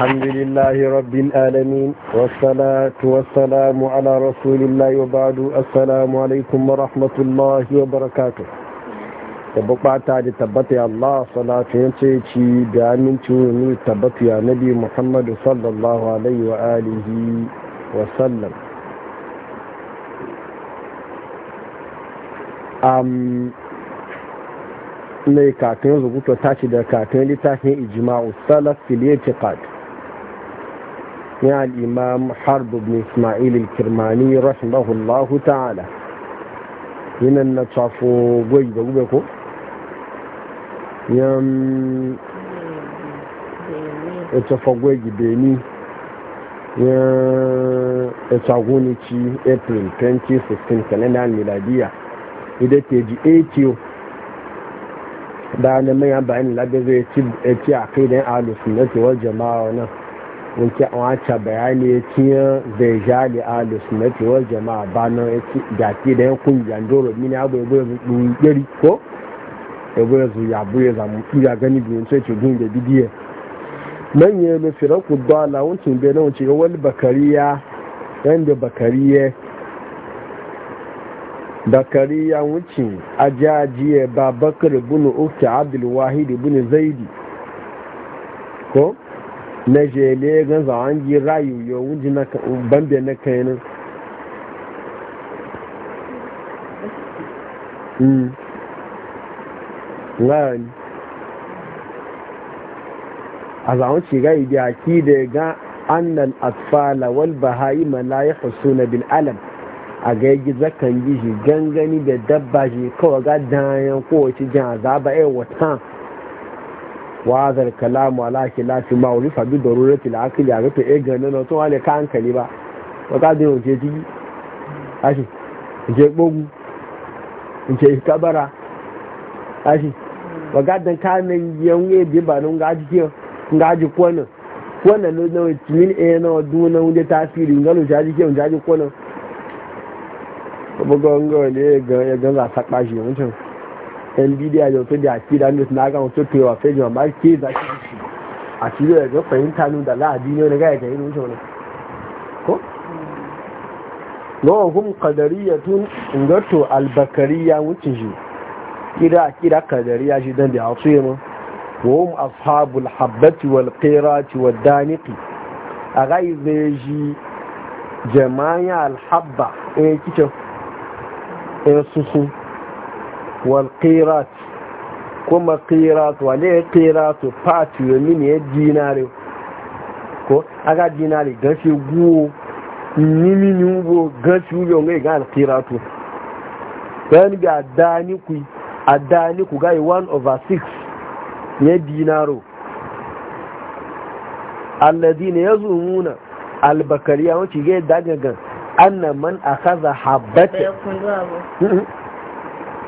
الحمد لله رب العالمين والصلاة والسلام على رسول الله وبعد السلام عليكم ورحمة الله وبركاته تبقى تعالى tabbata الله صلاة salatu ya ce ci da aminci ne tabbata ya nabi Muhammadu sallallahu alaihi wa alihi wa sallam am ne kakan zubuta tashi da kakan littafin ijma'u salaf fil i'tiqad يا الإمام حرب بن إسماعيل الكرماني رحمه الله تعالى هنا نتصف قيد قبكو يم اتصف قيد بيني اتصفوني تي ابريل 2016 سنة الميلادية إذا تجي 80 دعنا ما mai bayanin labe zai على a والجماعة da wanke a wacce bayani ya ciye zai da a lusunati wal jama'a ba na ya ke da yankun yandoro mini abu ya bai zuɗu yari ko ya bai zu ya buya ya zamu ya gani biyun sai ce gun da bidiye nan ya yi firaku dala wuncin bai na wuce wal bakariya yanda bakariya bakariya wuncin ajajiye ba bakar bunu ukta abdul wahid bunu zaidi ko na jele gan an gi rayu yau wunji na bambe na hmm. ngani a zawon shiga idi haki da ga annal atfala wal bahayi malayi na bil alam a ga yi zakan shi gangani da dabba shi kawai ga dayan kowace jan azaba ya eh, wata وهذا الكلام على خلاف ما عرف بضرورة العقل يعني تو ايه غنن تو ولا كان كلمة وقد يوجد اجي je gbogbo nke kabara ashi wagadan kanin yawon ebe ba nun gaji ke gaji kwanan kwanan na nawa cimin ɗaya na na wunde tasiri ngalo jaji ke jaji kwanan ne sakpa yan bidiya da wato da na ne suna ga wato kewa sai jima ma ke za ki shi a cikin da ga fahimta nun da la'adi ne wani gaya ta irin shi wani ko lawahum qadariyatun ngato albakariya wucin shi kira akida qadariya shi dan da hausa yamma وهم أصحاب الحبة والقيرات والدانق أغيزيجي جماعة alhabba إيه كتو إيه سوسو والقيرات كما قيرات وليه قيرات فاتي من يديناري ko aga dinari gashi guwo nimi nyugo gashi uyo ngai ga alqiratu yani bi adani ku adani ku ga 1 over 6 ne dinaro alladina yazumuna albakariya wace ga daga ga anna man akhadha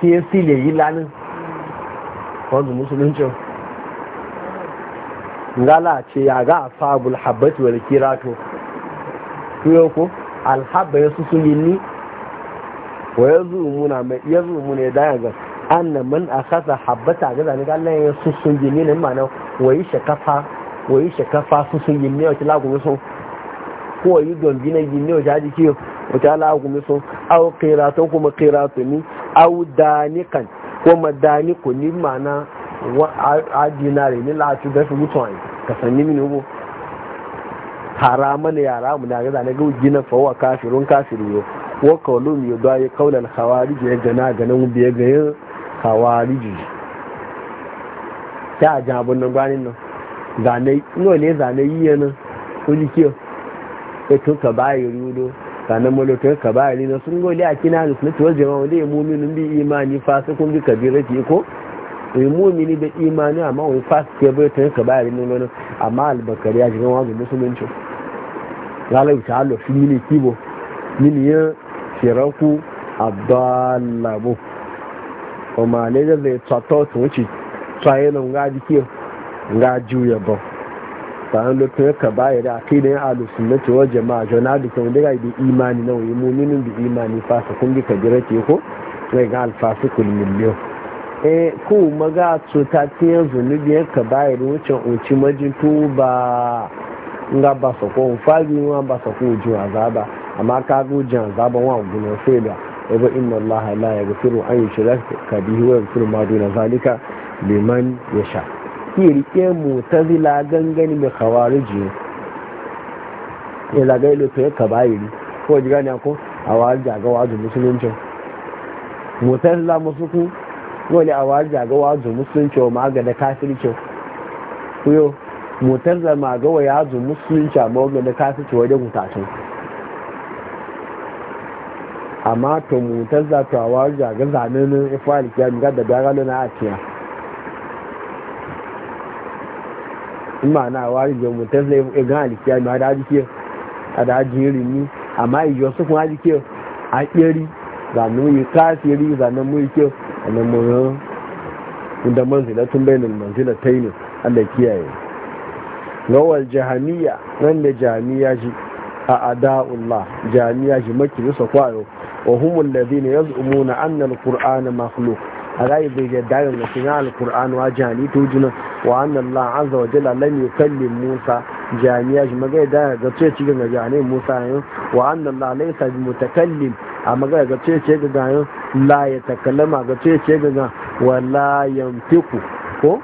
si sile yi lanin wanzu musuluncin ngala ce ya ga a fabul habbatu wal kirato tuyo ko alhabba ya susu ni? wa ya muna mai ya muna ya daya ga na man a kasa habbata ga zani ga Allah ya susu ni na ma'ana wa yi shakafa wa yi shakafa susu yi wa wata gumi sun ko yi gombi na yi ni wata kiyo wata kila sun so aw kuma kirato ni audanikan ko madaniku ni mana a dinare ni latu da su mutuwa ka sanni mini ubo haraman yara mu na gaza na ga gina fawa kafirun kafiru yo wa qawlun ya kaunar khawarij ya gana ganin biye ga yin khawarij ta jan abin nan gwanin nan zane no ne zane yi nan ko jikiyo ko to ka bayi rudo sanan malokan kabari na sun gole a kina da sunnati wal jama'a wanda ya mu'minin bi imani fasikun bi kabirati ko ya mu'mini da imani amma wani fasik ya bai tan kabari na nan amma albakari ya shiga wani musulunci lalai ta hallo shi ne kibo ni ya shiraku abdallabu o ma le da zai tsato tun tsaye nan ga dikiyo ga juya ba tsarin lokacin ya ka bayar da kai da ya alu sunnati wa jama'a jona da kyau da gaibi imani na wani muminin bi imani fasa kun bi kabira ke ko mai ga alfasu kul miliyo eh maga ta yin zunubi ya ka da wucin uci majin ba nga ba sa ko fagi wa ba sa ko ji azaba amma ka go jan azaba wa gunan sai da inna allaha la yaghfiru an yushraka bihi wa yaghfiru ma duna zalika liman yasha suke rike zila gangani mai khawariji ya zagaye lokacin ya kaba yi ne ko ji gani ko a wari jaga wazo musuluncin musu ku wani a wari jaga wazo musuluncin wa maga da ce. kuyo zila maga wa yazo musulunci a maga da ce wajen mutacin amma to mutazila to a wari jaga zanenin ifa alkiyar ga da gano na a in ma na wari jo mu tesla e ga alikiya ma da jike a da jiri e. ni amma ijo su kuma jike a kiri za mu yi kafiri za e. mu mu ke nan mu tun manzila tun bainal manzila tayin Allah kiyaye gawal jahamiya nan da jahaniya ji a ada'ullah jahaniya ji maki kwayo wa humul ladina yaz'umuna anna al-qur'ana makhluq agayi bai da dayin da cikin alkur'an wa jani to juna wa annan la azza wa jalla lam yukallim musa jami'a shi magai da ga ce ci ga jani musa yin wa annan la laysa bi mutakallim a magai ga ce ce ga yin la ya takallama ga ce ce ga wa la ko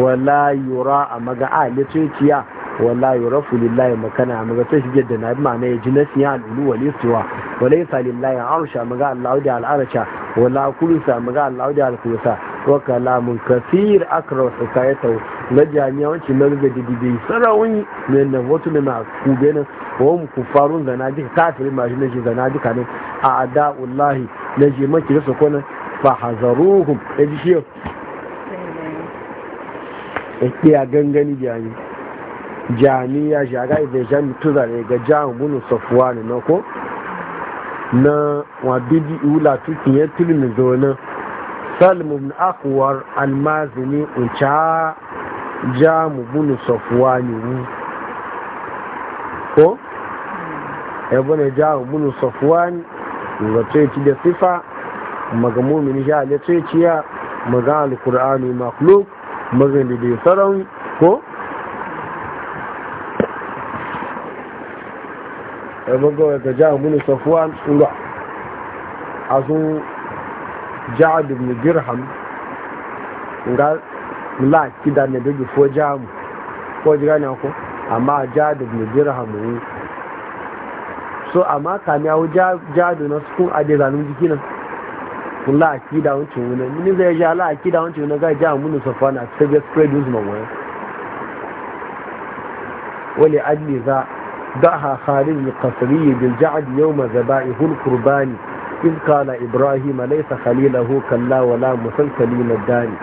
wala yura a maga a ce ciya wala yurafu lillahi makana maga sai shige da nabi ma'ana ya ji nasiya al'ulu wal istiwa wala yasa lillahi Arusha, maga Allahu da al'arsha wala kulusa maga Allahu da al-kursa wa kalamun kathir akra hikayatu na jami'a wacce na ga dididi sarawun ne na wato ne ma ku gane wa mu kufarun da na ji kafiri ma shi ne ji da na ji kanin a ada'ullahi na ji maki da su kona fa hazaruhum ya ji shi ya jami'a shaga ibe jami tuza ne ga jami bunu safuwa ne na ko na wabidi iwula tukin ya tilmi na salmun akwar in uca jami bunu safuwa ne wu ko ebe na jami bunu safuwa ne ga ci da sifa maga mumini sha da tsociya maga alkur'ani makhluk maga da bai sarauni ko ẹgbẹ́gbẹ́ ga jáà múlù sọfúwán ńgbà a sun jáà dirham nga mula na bigi fo jáà ko jira ne ko amma jáà dùnmù dirham so amma kami hau jáà dùnmù sukun ade zanun jiki nan mula kida wancin wuna mini zai ja la wuna ga jáà múlù sọfúwán a cikin spread news man wani wani adli دعها خالد القصري بالجعد يوم ذبائه القربان إذ قال إبراهيم ليس خليله كلا ولا مسلسلين الداني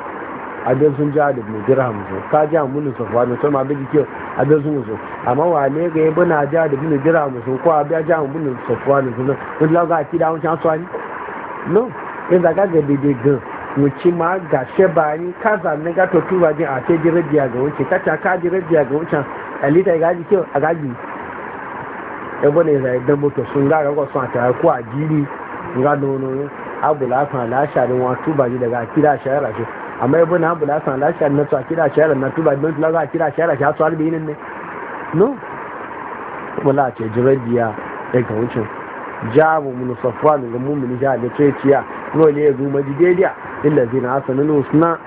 abin sun ja da dirham zo ka ja mun so fa ne abin da bi abin sun zo amma wa ne ga yabi na ja da bin dirham so ko abin ja mun so fa ne sun mun ga ti da no in ga gan wuce ma ga she ba ni ka za ga to tuwa din a jirabiya ga wuce ka ta ka jirabiya ga wuce alita ga ji kyau a ga ebe ne zai dan moto sun ga ga sun ta ko a jiri ga nono abu abula fa la sharin wa tuba ji daga kira shayara shi amma ebe na abula fa la sharin na to kira shayara na tuba ji na ga kira shayara shi to albi ne no wala ce jirabiya daga e wucin jabu mun safwan ga mu'min ja da tsaciya no ne zuma jidediya illa zina asanul husna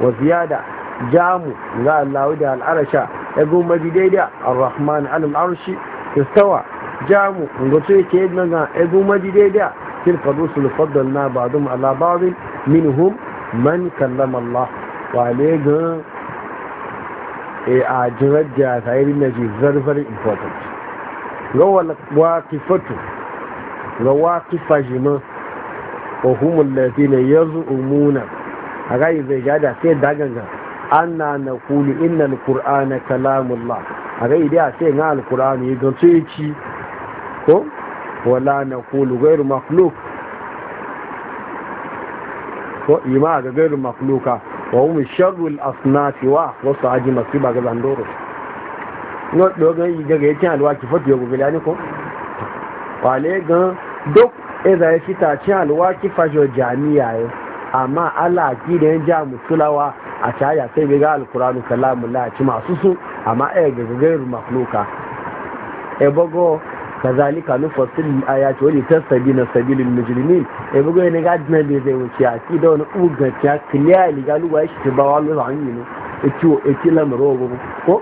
wa ziyada jamu ga Allah da al'arasha ya e goma daidai ar-rahman al-arshi istawa jamu ga su yake yi nan ezu maji daidai tilka rusul faddalna ba'dum ala ba'din minhum man kallama Allah wa ne ga a jirar da sayari na ji very very important ga waqifatu ga waqifa jima wa hum allazina yaz'umuna a ga zai gada sai daganga anna naqulu innal qur'ana kalamullah a ga idai sai ga alqur'ani don sai ci ko wala na kulu gairu makluk ko ima ga gairu makluka wa umu sharul asnati wa wasu haji masu ba ga zandoro no dogon yi daga yakin alwa ki fatu ya gubila ni ko wale gan duk idan e ya fita cin alwa ki fajo jami'a ya e. amma ala ki da yan ja musulawa a caya sai bai ga alkuranu kalamun la ci masu su amma ai e ga gairu makluka ebogo kazalika aya ayati wani tasabina sabilil mujrimin e bugo ne ga dina bai zai wuce a ki da wani uga ta clearly ga luwa shi ba wa luwa an yi ne e ki e ki la maro ko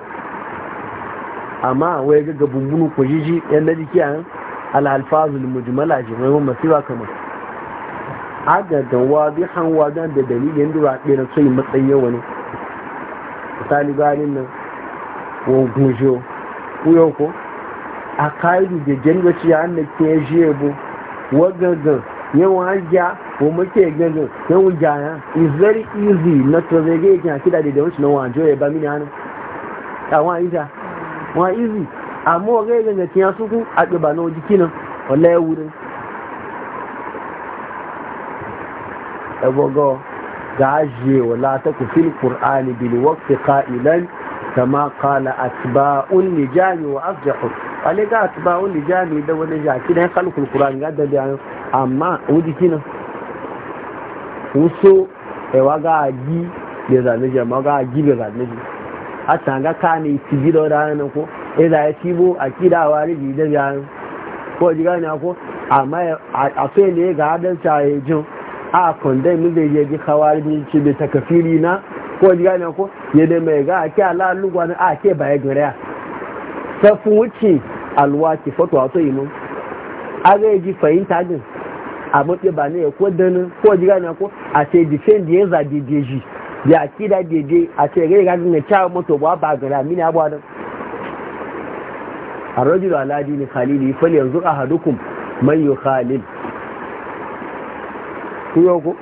amma wai ga gabumbunu ko jiji yan da jiki an alhalfazul alfazul mujmala ji mai mun masiba kamar aga da hanwa wadan da dalilin dura ɗaya yi matsayin yawa ne misali ganin nan ko gujo ko a kayi da jangaci ya hannu ke jiye bu wagagan yawan hajiya ko muke gagan yawan jaya is very easy na to zai ga yake kida da da wancan wajo ya ba mini a wa ita wa easy amma ga gagan ga tiya suku a na jiki nan wallahi wurin ebogo ga wala ta ku fil qur'ani bil waqti qailan kama qala atba'un lijani wa afjahu ale ga atuba wani jami da wani ki dan kalkul qur'an ga da biyan amma wuji kina wuso e wa ga ji da zane ji amma ga ji da zane ji a ga ka ne ti ji da ran ko e da ti bo akida wari bi da ya ko ji ga ne ko amma a sai ne ga dan e jin a kondai mu zai je ji khawari ni ci bi takafiri na ko ji ga ne ko ye yede mai ga ki ake alalu na a ke ba baya gariya safin wuce alwaki fato wato a zai ji fahimta din a matse ba ne ko dani ko ji gani ko a ce da ya za jeji da a akida daidai a ce gai gani na cewa mato ba ba gara mini abuwa don a da aladi ne khalili fal yanzu a hadukun man yi khalil kuyo ko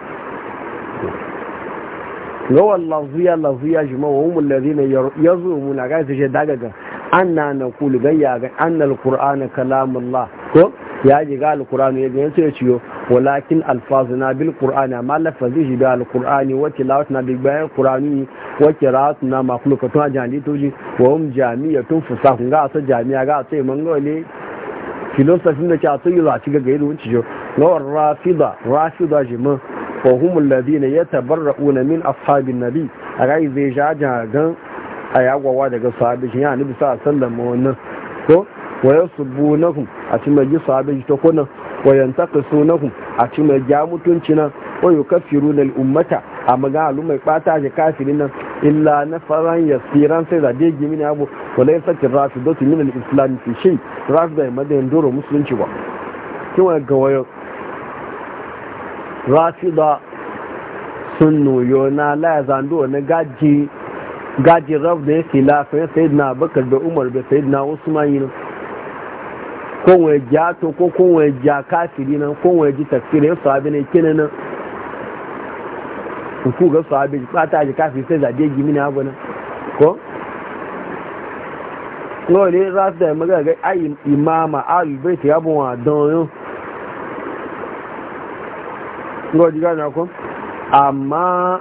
ga wallan zuya lazuya shi wa umar lazina ya zo muna ga su shi dagaga anna na kulu gayya ga anna alqur'ana kalamullah ko ya ji ga alqur'ani ya ga sai ciyo walakin alfazuna bil qur'ani ma lafazihi bi alqur'ani wa tilawatna bi bayan qur'ani wa qira'atuna makhluqatun to toji wa hum jami'atun fusahun ga sa jami'a ga asa mangole filosofin da ta tsayi za ci ga gairu wuce jo lawar rafida rafida jimin wa humul ladina yatabarra'una min ashabin nabi a gai zai jaja gan a yagwawa daga sahabi shi ya nufi sa sallan ma wannan ko wa yasubunahum a ci mai sahabi ta kunan wa yantaqisunakum a ci mai ja mutunci nan wa yukaffiruna na ummata a maga mai bata shi kafirin nan illa na faran yasiran sai da dai gimi ne abu wa rafi tirafidatu min al-islam fi shay rafida da doro musulunci ba kin wa gawayo da sun na la zando na gaji gaji raf da ya filafa ya na bakar da umar da sayi na usman yi nan kowai ja to ko kowai ja kafiri nan kowai ji tafsiri ya sahabi ne kina nan ku ga sahabi bata ji kafiri sai zabe gimi ne abu nan ko nawa ne za su da magana ga imama albaiti ya bu wa don yau nawa ji gane ko amma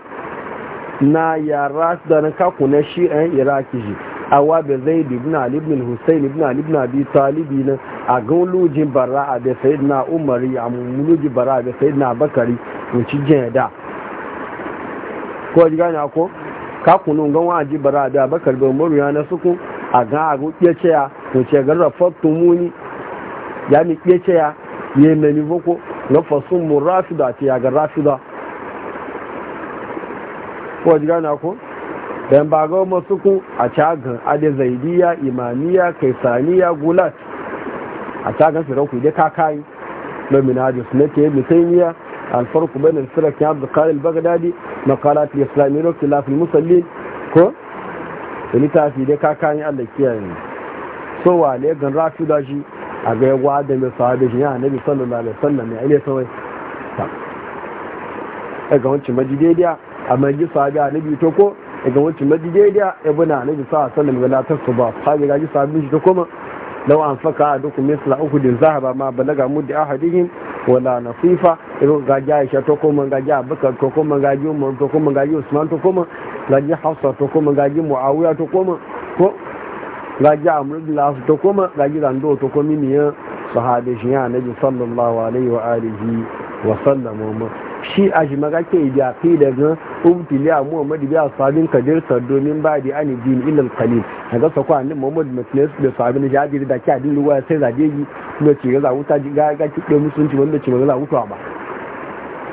na yara da na kaku na shi'an iraki ji awa da zai ibn ali ibn hussein ibn ali ibn abi talibi na a lujin bara a da sayid na umari a mulujin bara a da sayid na bakari mun ci jin da ko ji gane ko kaku nun gan wa'aji bara da bakar ga umaru ya na suku a ga a ya mu ya mun ce gan rafattu muni ya mi ya ce ya yi mani boko na fasun mu rafida ta ya ga rafida ko ji gana ko dan ba ga masu ku a cagan ade zaidiya imaniya kaisaniya gulat a cagan su rauku da kakai lomina da sunake mutaniya الفرق بين الفرق يا عبد القادر البغدادي lafi musalli ko littafi dai kakayin Allah kiyaye so wa ne gan rafi da shi a ga yawa da mai sahabi shi ya nabi sallallahu alaihi wasallam ya ile sawai ta ga wancin majidediya a ji sahabi annabi to ko daga wancan majidai da ibuna annabi sa sallam wala tasba sahabi ga ji sahabi shi to kuma law an faka adukum misla uhudin zahaba ma balaga muddi ahadihim wala nasifa irin ga ji Aisha to kuma gaji Abubakar to kuma ga Umar to ga Usman to kuma ga Hafsa to kuma ga Muawiya to kuma ko ga ji to kuma ga ji to kuma ne sahabi shi ya sallallahu alaihi wa alihi wa sallam shi a shi maga ke jafi daga umtili a muhammadu biya sabin kadir domin ba da ani din ilal kalil a ga sako a nin muhammadu matilas da sabin jajiri da ke adin ruwa sai zaje yi kuma ce ga zawuta ga ga ki ɗo musulunci wanda ce ba zawuta ba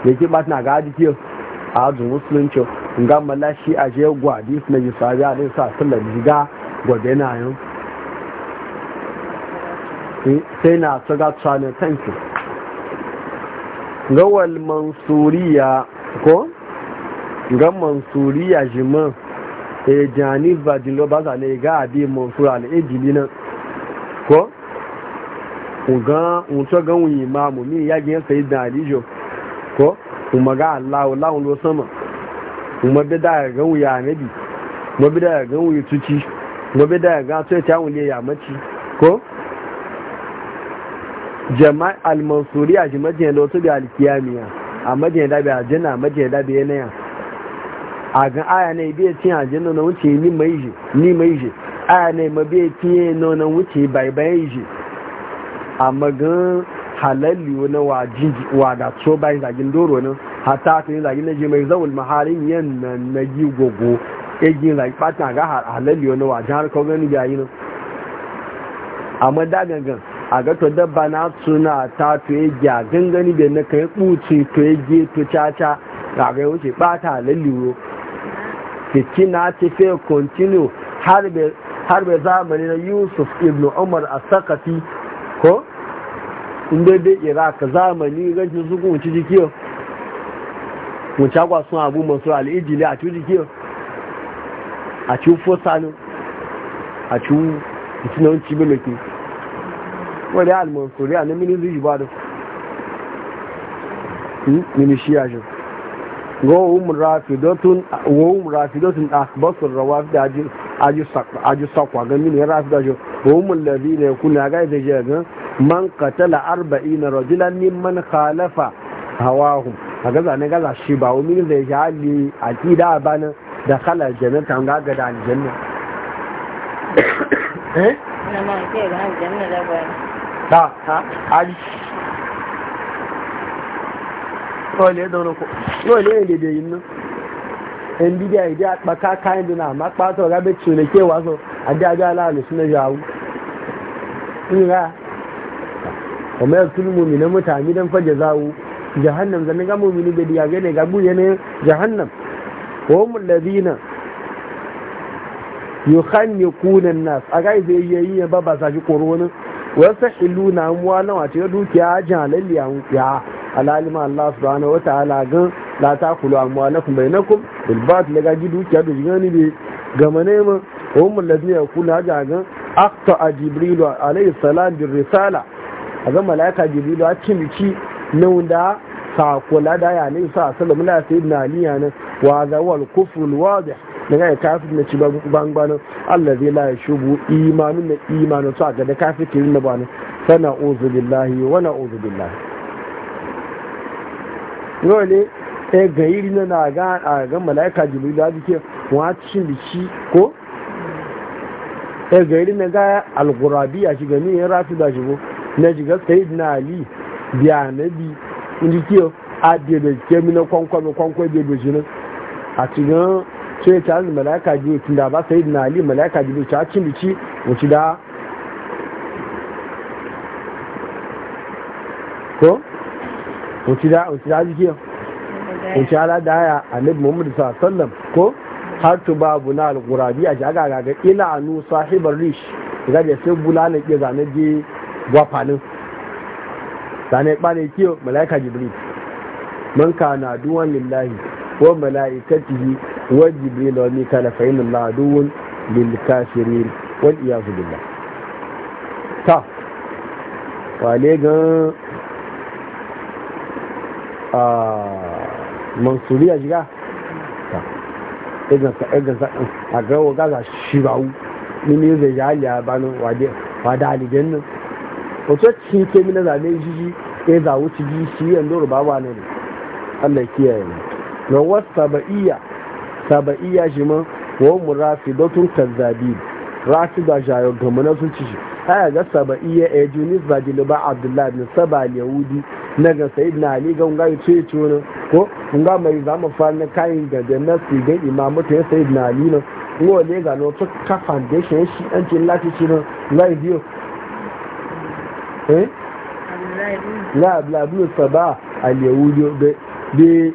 da ke ba suna ga aji a azu musulunci ga mala shi a je gwadi na yi sabi a ɗin sa sallar jiga gwade na yau eh, sai na so ga tsanin tanki gawal mansuriya ko ga mansuriya jiman e janib vadilo ba sa ne ga abi mansur ejili nan ko ugan unto ga wun imamu mi ya gyan sai da alijo ko kuma ga allah allah lo sama kuma bi da ga wun ya nabi kuma bi da ga wun tuci kuma bi da ga to ta wun le ya maci ko al-mansuri a shi majiyar da wasu da alkiyamiya a majiyar da biya jina a majiyar da biya naya a ga aya ne biya cin a jina na wuce ni mai shi ni mai shi aya ne ma biya kiye na na wuce bai bai shi a magan halalli wani wada so bayan zagin doro nan hata ta yi zagin na je mai zaun maharin yan na yi gogo egin zagin fatan ga halalli wani wajen harkar gani biya yi nan amma da a ga to dabba na suna ta to ya gya gangani da na kai ɓuci to ya ge to caca ga ga wuce ɓata lalliwo fiki na ce fe continue harbe bai zamani na yusuf ibn umar a sakati ko inda dai iraq zamani gancin su kuma ci jikiyo mun cagwa sun abu masu al'ijili a ci jikiyo a ci a ci wani almansuri a nan mini zuji ba da mini shi yashin gowun rafidotun akbasun rawafi da aji sakwa ga mini ya rafi da shi gowun ga ita jiya man katala arba'i na rajulan mimman khalafa hawahu a gaza na shi ba wa mini zai ji hali a kida a banan da khalar jannata ga ga da aljanna eh? Nama ke ga aljanna da ha ha ali ọlẹ́ dánwò kọ́ yóò lé èdèdè yìí nù ndidi àìdí àpàká káyìndì náà má pàtó ọ̀gá bẹ́ẹ̀ tì lèkè wá sọ àdé ajá aláàlú sínú ẹ̀yà awú nira ọmọ ẹ̀kúrú mu mi ní mú tààmì dẹ́n fọ́ jẹ̀zá awú jahannam zan ga mu mi ní bẹ́ẹ̀ di àgẹ́ ní gàgbú yẹn ní jahannam wọ́n mu lẹ́bí náà yóò hàn ní kú nà nàás àgáyé bẹ́ẹ̀ yẹ yíyan bá bàtà wasa ilu na muwa na wace ya dukiya halalli lalliya mukiya alalima Allah su wa wata gan la ta kulu amuwa na kuma na kuma bilbat daga ji dukiya da jiga ne gama nema wani mullazi ya kula a gan akta a jibrilu alayhi salam bin risala a zama laika jibrilu a cimici na wanda kula da ya ne sa salamu la sayyidina na aliyanin wa zawar kufrul wadih da ga kafin na ci bangbano Allah zai la shubu imanin na imanin su a ga da kafin kirin na bani sana uzu billahi wa na uzu billahi dole e gairi na na ga a ga malaika jibril da ke da shi ko e gairi na ga a shiga ne ya rafi da shigo na jiga sayyidina ali biya nabi indi kiyo a biya da kemi mina kwankwami kwankwai biya da jinin a cikin so ya tare malaka ji tun da ba sai na ali malaka ji ta cin biki wuce da ko wuce da wuce da jiki wuce ala da ya annabi muhammad sallallahu sallam ko har tu babu na alqurabi a jaga gaga ila anu sahibar rish ga da sai bulana ke zane ji gwafanin zane bane kiyo malaka jibril man na duwan lillahi wa malaikatihi wa jibril wa mikala fa inna allaha aduwwun lil kafirin wal iyaz billah ta wale ga a mansuriya jiga ta idan sa idan sa a ga wa gaza shirawu ni ne zai ya ali abanu wade wada alijan nan wato ci ke mina zabe jiji ya zawo wuce ji shi ba rubawa ne Allah kiyaye ne Na wasu ba'iya sabaiya shi ma wa mu rafidatun kazzabi rafida jayo gamana sun ci shi aya ga sabaiya e eh, junis ba ba abdullahi bin saba yahudi na ga sayyidina ali ga unga ce ce ne ko unga mai zama fa na kayan ga da nasi ga imamu ta sayyidina ali ne ko ne ga no to ka foundation shi an ce lati shi na lai biyo eh la saba al yahudi be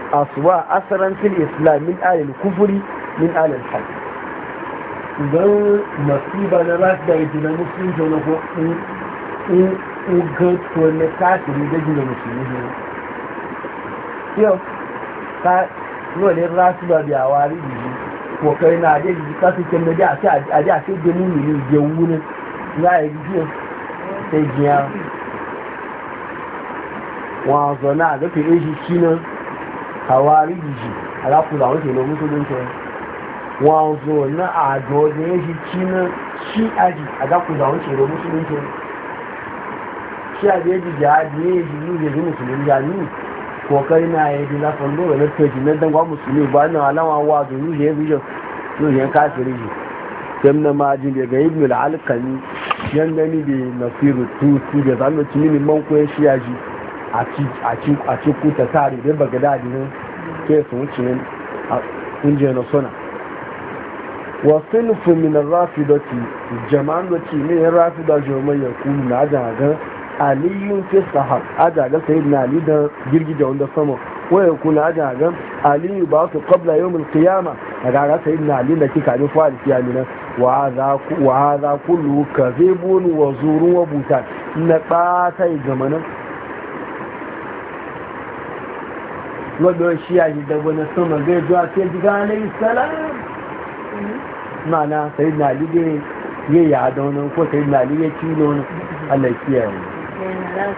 aswa asaran fil islam min alil kufuri min alil hal idan masiba na za su da jina musulunci wani ko in ugan to ne kafiri da jina musulunci ne yau ta nole rasu ba biya wari jiji kokai na ajiye jiji kasu kem na ajiye a sai gani ne ne jewu ne za a yi jiyo sai jiya wa zana a zafi shi shi nan kawari jiji alakuda wuce lomi tudun ke wazo na ajo da ya shi cina shi aji alakuda wuce lomi tudun ke shi a ya jiji aji ya yi jiji ya yi musulun jami kokari na ya yi lafin lori na toji na dangwa musulun ba na alama wazo yuzi ya zuje yuzi ya kasa riji kem na maji daga ibn al-alkani yan gani bi nasiru tutu da zalmaci ne man koyan shi aji a cikin kuta tare da baga dadinin ke su wuce a kungiyar na suna wasu nufin minar rafi jama'an da ke ne rafi da jami'ai ya kuma na ajaga aliyun fi sahab ajaga sayid na ali da girgija wanda sama waya na ajaga aliyu ba su kwabla yau mil kiyama a gaga sayid na ali da kika ne fa'al kiyami nan wa za lu ka zebon wa zuru wa buta na ɓata yi gamanin wadda shi ya yi daga na sama zai zuwa ce ji gane salam mana sai na lige ya yi adonin ko sai na lige cinon alakiyar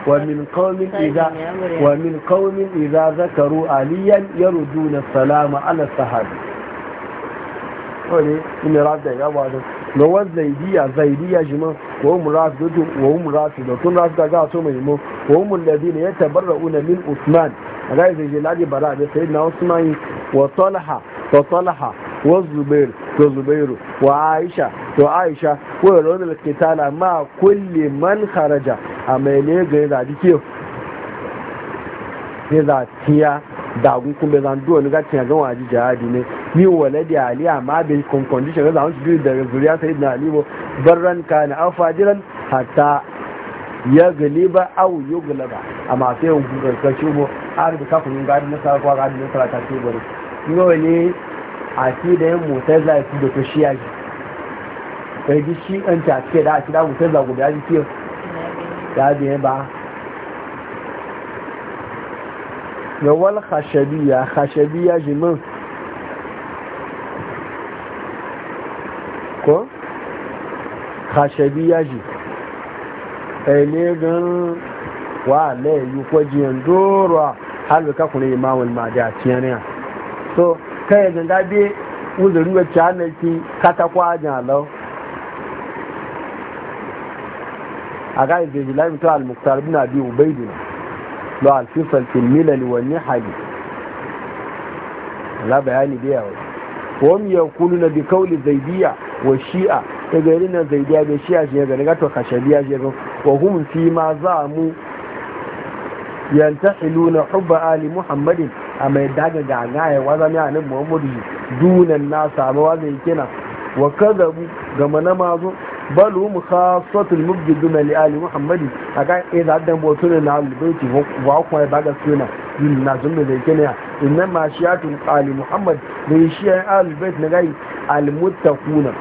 ومن قوم Zakaru, Aliyan ya إذا ذكروا عليا يردون السلام على الصحابة. ولي إن رد يا بعض lọ́wọ́ zaidiya zaidiya shi man wọ́n mu rafi da tun rafi daga so mai mo Wa mu ladi ne ya tabarra una min usman rai zai jilali bara da sai na usmani wa talha wa talha wa zubair wa zubairu wa aisha wa aisha wa rawdal qitala ma kulli man kharaja amele ga da dike ne za tiya da gun kun zan duwa ni ga tiya ga waji jihadi ne ni da ali amma be kon condition za su da zuriya sayyidina ali bo barran kana afajiran hatta ya galiba au yuglaba amma sai kun karkashi mu har da kafin gadi na sarrafa gadi na sarrafa ce bari ne a ce da yin motar su da kushiya ji ji shi an ta ce da a ce da motar za guda ji ke ya biyan ba yawal khashabiya khashabiya jimin ko khashabiya ji ɗaya ne gan wa lai yi kwaji yan har ka kuna imamul mahdi a da ya so kai yanzu da bi uzuri wacce ki kata kwajin alau a ga yanzu bilai mutu al-muktar bin abi ubaidu lo al-fisal fil milal wa nihali la bayani da yawa wam na bi kauli zaidiya wa shi'a e gari irin zaidiya da shi'a shi ga ga to kashabiya shi ga wa hum fi ma za mu yantahiluna hubba ali muhammadin a mai daga ganga ya waza ne nan muhammadu dunan na samu waza yi kina wa bu ga mana mazo balu mu khasatul mubgiduna li ali muhammadin a ga idan dan ne na albayti wa kuma ya daga suna yin na zun da yake ne inna ma shiatul ali muhammad da shi ya albayt na gai almuttaquna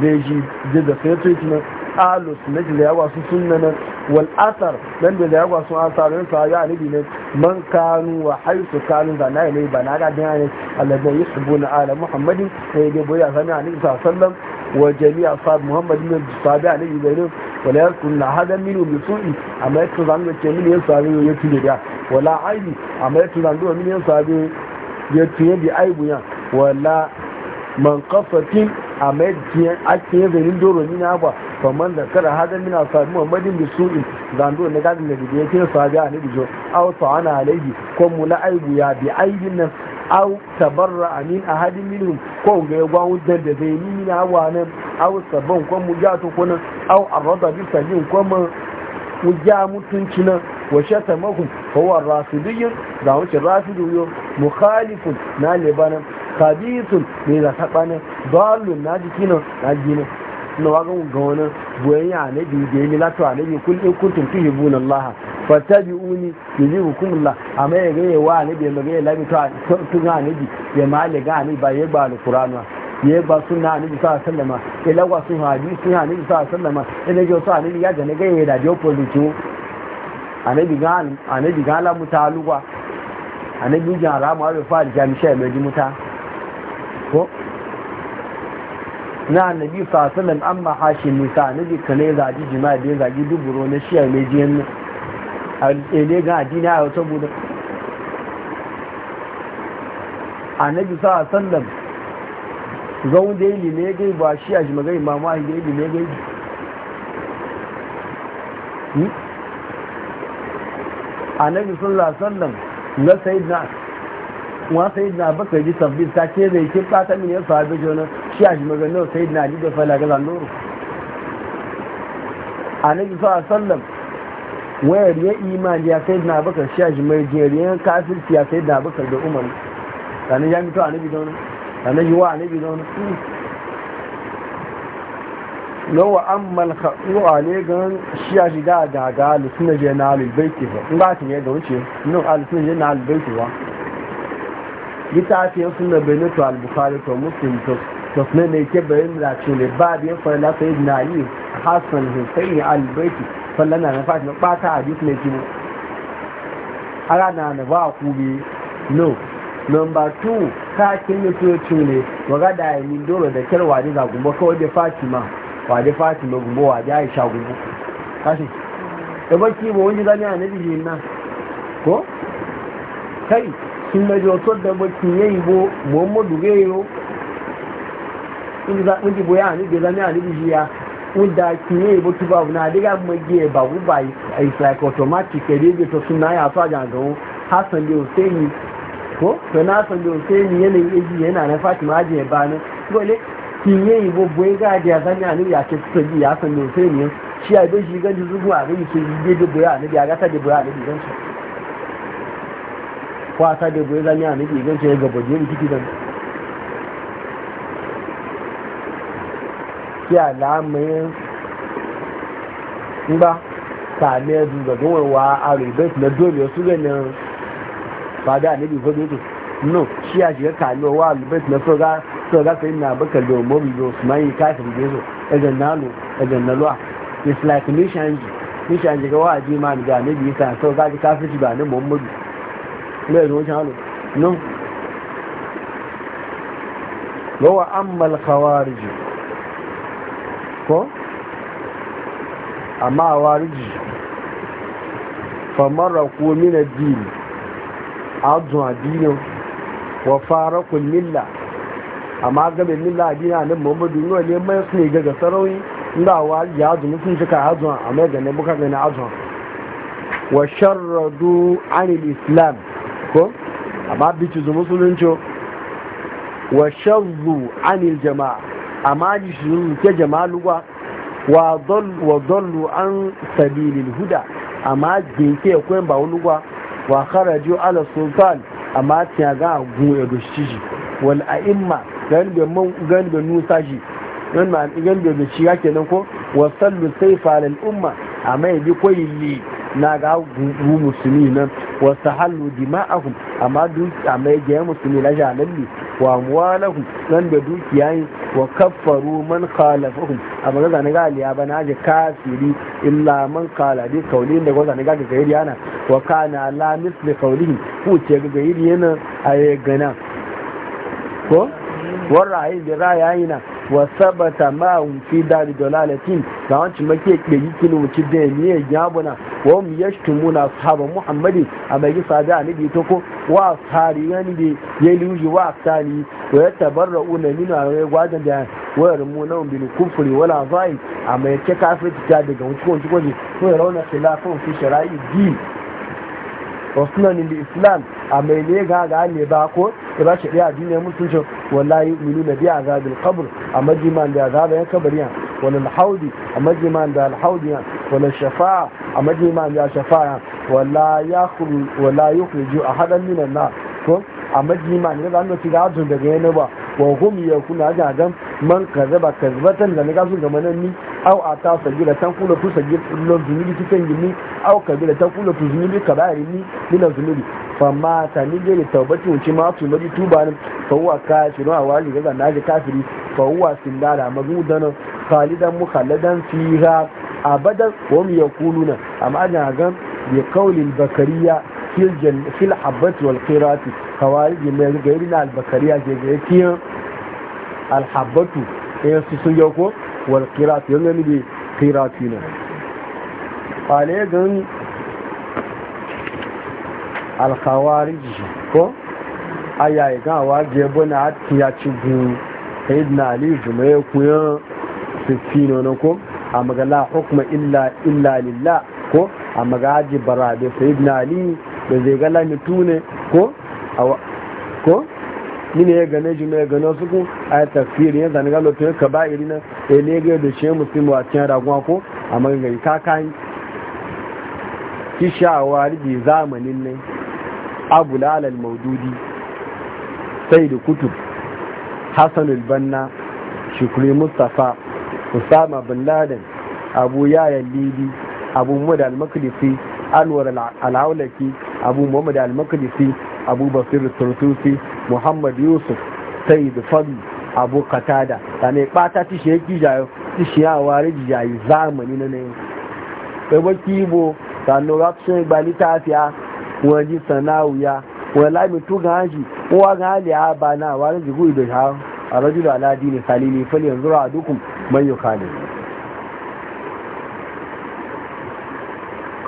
da shi da sai to alus na da yawa su sunna nan wal asar nan da yawa sun asar yin sa ya alibi ne man kanu wa haisu kanu da na ne bana ga dan ne alladhi yusbuna ala muhammadin sai ga boya sami ali sallam wa jami'a sahab muhammadin bin sahabi ali ne wala yakun hada minu bi su'i amma yato zan da ce min yan sahabi ya tuje da wala aibi amma yato zan da min yan sahabi ya tuje bi aibu ya wala man qafatin a mai ake yin zarin doro ni na ba kamar da kada hada mina sami mamadin da in zando na gadin da bibiya ke hajji a nabi jo au ana alaihi ko muna aibu ya bi aibin nan au tabarra amin a hadin minhum ko ga ya gwa wujen da zai ni na wa nan au sabon ko mu ja tukunan kunan au arrada bi sajin ko mu mu ja mutunci nan wa ta mahum kowar wa rasidiyin da wuce rasidiyo mukhalifun na libanan kabitun ne da saɓanin dalun na jiki nan na ginin na wagon ga wani goyon ya nabi da ya milatu a nabi kun in kuntum fi yi bunan laha fata bi uni yi ji hukumullah a mai ga yi wa nabi ya magana ya labi tun a nabi ya mali ga nabi ba ya ba alkurana ya ba suna nabi sa sallama ya lagwa sun hadi sun ha nabi sa sallama ya na jau sa nabi ya ga na ga ya da jau politi a nabi ga ala mutaluwa a nabi jan rama wa fa aljamisha ya mai ji muta ko na annabi fasalan amma hashin nisa annabi kane zaji jima'a da zaji duburo na shiyar ne jiyan a ele ga adina a wata buda annabi sa sallam zaun da yi ne gai ba shi a jimagai mamu a yi ne gai hmm? annabi sallallahu alaihi wasallam na sayyidina wa sayyidina bakar ji tabbis ta ke zai ke fata min ya sahabi jona shi a jimaga nawa sayyidina ali da fala ga zandoro annabi sa sallam wayar ya imani ya sayyidina bakar shi a jimaga jeriyan kafirci ya sayyidina bakar da umar sanin ya mito annabi da wani sanin yi wa annabi da wani lawa an malka uwa ne gan shi ya shiga a gaga alisunan jenalu baiti ba in ba ta ne ga wuce nun alisunan jenalu baiti ba littafin suna benin to al-bukhari to muslim to sosne ne ke bayan racu ne ba biyan farla sai na yi hassan hussein al-baiti sallana na fashi na bata a jisu ne kimo ara na na ba ku bi no number two ka kin ne to ci ne waga da yi dole da kyarwa ne za gumbo kawai da fatima waje fatima gumbo waje aisha gumbo kashi da baki ba wani zani a nabi nan ko kai na joto da baki ya bo muhammadu gayo inda zaɓin jibo ya hannu da zama hannu da jiya wanda ki ya yi botu babu na diga ba ku ba a yi like automatic ya rege to suna ya fa jagawo hassan da hussaini ko to na hassan da hussaini yanayin eji yana na fatima ajiye ba ne dole yi bo boye ga da zama hannu ya ce suka ji hassan da hussaini shi a bai shi ganji zuwa ya gata da ko a sade goyi zami a nufi igan ya gaba jeri kiki da ki alamayin ngba sami ya zuga gowar wa a ribet na dole su ganin fada a nufi ko zuto no shi a shiga kano wa ribet na soga soga sai na baka da mobi da usmani kafin jesu ejan nalo e it's like nishanji nishanji ga wa ji ni ga nabi isa so ga ba ni muhammadu lẹ́yìn wọ́n ṣàlù náà lọ́wọ́ ammal khawarij kọ́ amma khawarij famara ko mina dini azun adinin wa fara kun milla amma game milla adini a nan muhammadu nuna ne mai su ne gaga sarauni inda khawarij azun sun cika azun a mai ganin buka ganin azun wa sharradu anil islam ko amma bici zu musulunci wa sharru anil jama'a amma ji shi ke jama'a lugwa wa dallu an sabilil huda amma jinke kwen ba lugwa wa kharaju ala sultan amma tiya ga gu ya doshi ji wal a'imma gan be mun gan be nusa ji gan ma gan be da shi yake nan ko wa sallu sayfa lil umma amma yabi koyi na ga gu musulmi nan wasu hallu dima'ahum amma dukiya mai gaya musulmi na jalalli wa amwalahum nan da dukiya yin wa kaffaru man khalafahum amma ga zanen ga aliya bana ji kafiri illa man khala bi kauli da ga zanen ga gairi yana wa kana la misli kaulihi ku ce ga gairi yana a gana ko warra ayi bi na. wa sabata ma un fi dari dalalatin da wancin make ke yi kilo ci da ni ya buna wa mu hum yashtumuna ashaba muhammadi a bai gi sada bi to ko wa ashabi yani de yaluji wa sari wa ni min wa gwadan da wayar mu na bin kufri wala zai a mai ke kafirci ta daga wucin wucin ko ne ko rauna khilafun fi shara'i din wa sunan islam a mai ne ga ga ne ba ko da ba shari'a duniya mutuncin wallahi minu na biya azabin kabur a majiman da azaba yan kabariya wani alhaudi a majiman da alhaudi yan, wani shafa a majiman da yan, wala ya kurju a hadan minan na ko a majiman da zan ci gajin daga yana ba wa hum ya kuna jagan man kazaba kazbatan da na gasu nan ni. Au ata sagira tan kula tu sagira lo zunubi tu kan gimi aw kabila tan kula zunubi kabari ni bila zunubi fa ma ta ni gari tawbati wuce ma tu nabi tuba ne fa huwa kafirun a wali ga na ji kafiri fa huwa sindara magudan khalidan mukhalladan fiha abadan wa hum yaquluna amma ana gan bi qawlil bakariya fil jan fil habbat wal qirati khawarij mai gairina al bakariya je ga yakin al habbatu sai eh, su sun ko wal qirat yan ne bi qirati ne ale gan al khawarij ko ayaye gan wa je bona tiya cibu sayyidina ali jumaye kuya sifino na ko amma ga la hukma illa illa lillah ko amma ga aji barabe sayyidina ali da zai ga la mitune ko ko mini ya gane juna ya gane suku a ya zane yin tun ka ya iri na ya e ga da shi musulmi a cikin raguwa ko a maganin kakan kishawar da zamanin ne abu lalal maududi sai da kutub hassan Ulbanna, shukri mustapha usama bin laden abu yayan libi abu muhammad al-makdisi alwar al abu muhammad al abu basir turtusi muhammad yusuf sai da fadi abu katada ta ne bata ti shi yaki jayo ti shi ya ware jayi zamani na ne ebe kibo ta no rapsun igbali ta fiya wani ji ya Wani lami tu ga hanshi kowa ga hali a ba na wani jigu ido ha a rajulu aladi ne salili fali yanzu ra dukkan man yi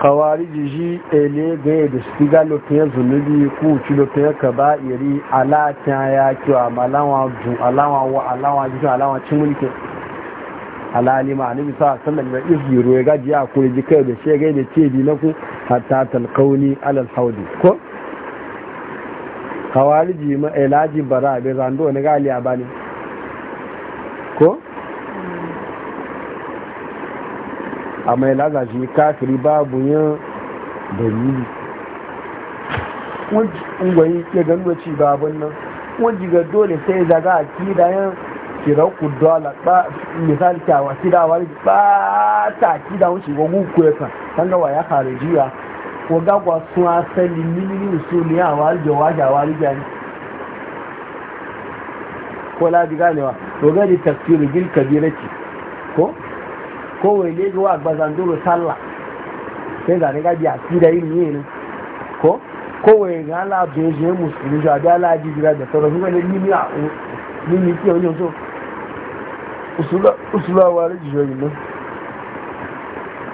khawariji jiji ele gaya da su ga lokacin zunubi ku ci lokacin ka ba iri alatin ya kyau a malawa ju alawa wa alawa ji alawa cin mulki alali ma annabi sa sallan da izi ruwa ga ji ku ji kai da shege da ce bi na ku hatta talqauni alal haudi ko khawariji ma elaji bara be zando ne ga ali abani ko a mai lagashi kafiri babu yin dalili ungwayi ke gano ci babun nan wajen ga dole sai zaga a kida yin kira ku ba misali kyawa kida wani ba ta kida wuce wagu kwekwa kan gawa ya kare jiya ko gagwa sun asali su ne a wari jawa da wari ko ladi ganewa to gani tafsirin gil kabirati ko kowai ne zuwa gbazandoro sallah sai zane gaji a fi da yin yi ne ko kowai ga ala abin zuwa musulmi zuwa da ala aji jira da sauran ne nimi a nimi kiyo ne so usula wa ne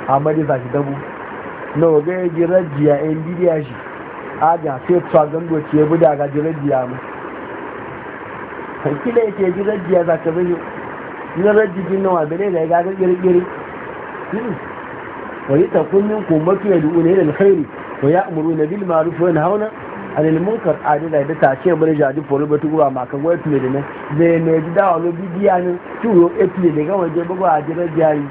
amma dai dabu na waga ya ji rajiya yan bidiya shi a ga sai tuwa gango ce buda ga ji rajiya mu hankila ya ke za ka zai yi na rajijin nawa bane da ya gagar gire ويتكون منكم أمة يدعون إلى الخير ويأمرون بالمعروف وينهون عن المنكر عادي da tashe mun jadi foro batu ba ma kan wai tule ne na ne ji da wani bidiya ne tu yo eple daga waje bugu a jira jari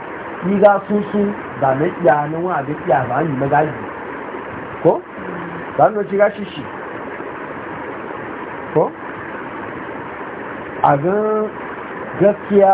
ni ga susu da ne ya nan wa da ya ba ni magaji ko ba no ci ga shishi ko a ga gaskiya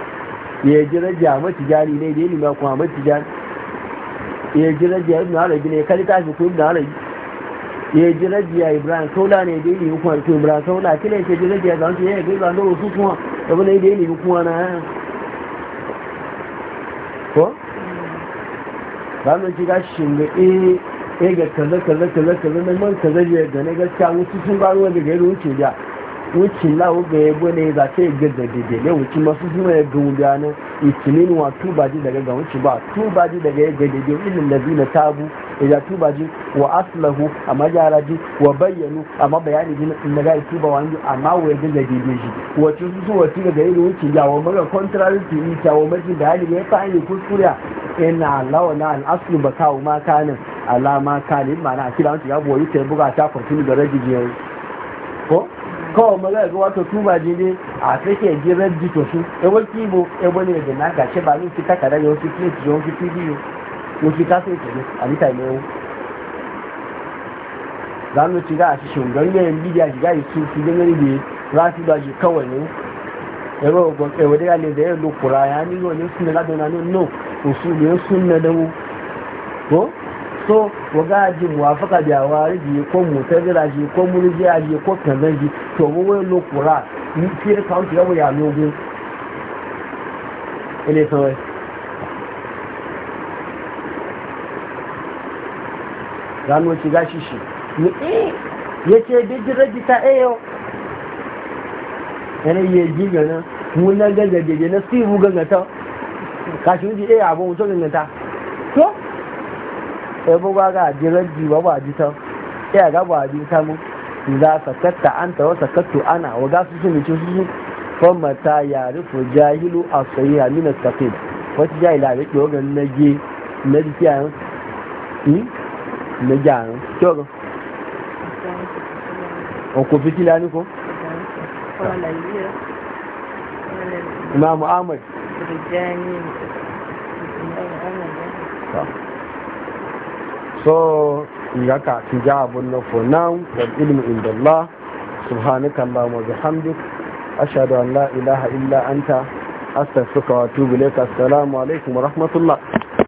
ya ji rajiya mace jari ne da ya nima kuma mace jari ya ji rajiya ibn arabi ne kari tashi ko ibn arabi ya ji rajiya ibrahim saula ne da ya nima kuma to ibrahim saula kila ya ji rajiya ga wancan ya ga ibn arabi su kuma da bane da ya nima kuma na eh. ko ba mun ci gashi shinga eh eh ga kaza kaza kaza kaza nan man kaza ya ga ne gaskiya wasu sun ba ruwa daga irin wuce da wucin lawo ga ya gwane za ta yi gaza dede ne wucin masu suna ya gawo gano itinin wa tubaji daga ga wucin ba tubaji daga ya gaza dede ilin da zina tabu ya tubaji wa aslahu a majaraji wa bayyanu amma bayani jin na ga tuba wani a wa ya gaza dede shi wacin su su wacin daga irin wucin ya wa mara contrary to it ya wa mafi da hali ya fa'ani kuskure ina lawa na al'aslu ba kawo ma kanin alama kanin ma'ana a kira wancan ya buwa yi ta buga ta kwantini da rajijiyar ko Kawo maza ga wato tuba je ne a sake girar jito su ewa kibo ewa ne da na gashe ba zai fita kada ya wasu plate ya wasu tv ya fi kasa yake ne a mita ne yau za mu shiga a shishin yayin bidiya shiga yi su su gani ne za su ba shi kawai ne ewa ogun ewa da yale da yin lokura ya ni yau suna ladona ne no usu suna da mu ko so waga ji muwafaka da wari ji ko mutazila ji ko murjiya ji ko kazan ji to lokura ni ya shi ni eh, ta eyo eh, yana yi ji gana mun na na kashi eh, sai ba ga jiran jiwa ba ji ta ya ga ba ji ta mu za sakatta an ta wasa sakattu ana wa ga su sun ci su mata ya rufu jahilu a sayi a minas saqib wata jahila da ke wagan nage hmm? na jikiyan ni na jaran kyogo on ko fitila ni ko Imam Ahmad. Rijani. so yaka ti ja abun na for now wal ilmu indallah subhanaka allahumma bihamdik ashhadu an la ilaha illa anta astaghfiruka wa atubu ilayka assalamu alaikum wa rahmatullah